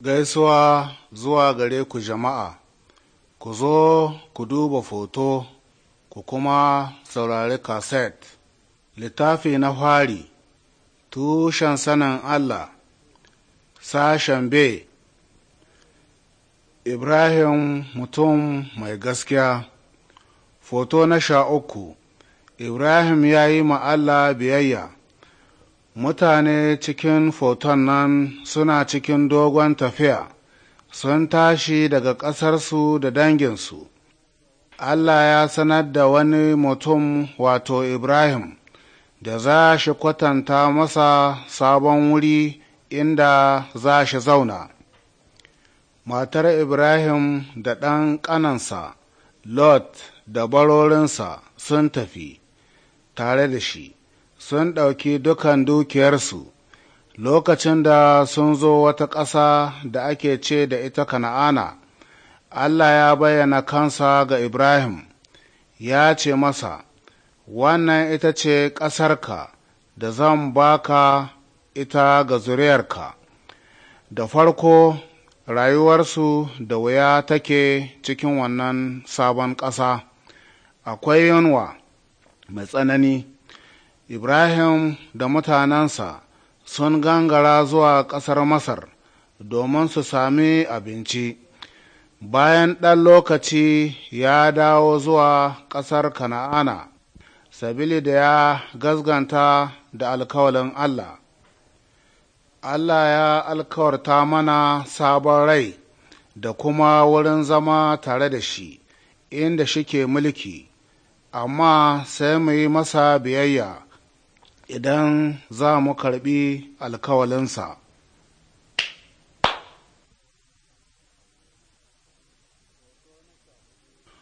Gaisuwa zuwa gare ku jama'a, ku zo ku duba foto ku kuma saurari kaset. Littafi na fari, tushen sanin Allah, sashen B. Ibrahim mutum mai gaskiya. Foto na sha uku, Ibrahim ya yi ma Allah biyayya. mutane cikin foton nan suna cikin dogon tafiya sun tashi daga ƙasarsu da danginsu allah ya sanar da wani mutum wato ibrahim da za shi kwatanta masa sabon wuri inda za shi zauna matar ibrahim da ɗan ƙanansa lot da barorinsa sun tafi tare da shi sun ɗauki dukan dukiyarsu lokacin da sun zo wata ƙasa da ake ce da ita kana'ana Allah ya bayyana kansa ga Ibrahim ya ce masa wannan ita ce ƙasarka da zan baka ita ga zuriyarka da farko rayuwarsu da wuya take cikin wannan sabon ƙasa akwai yunwa mai tsanani Ibrahim da mutanensa sun gangara zuwa ƙasar Masar domin su sami abinci. Bayan ɗan lokaci ya dawo zuwa ƙasar Kana'ana, sabili da ya gazganta da alkawalin Allah. Allah ya alkawarta mana sabon rai da kuma wurin zama tare da shi, inda shi ke mulki, amma sai mu yi masa biyayya. idan za mu karbi alkawalinsa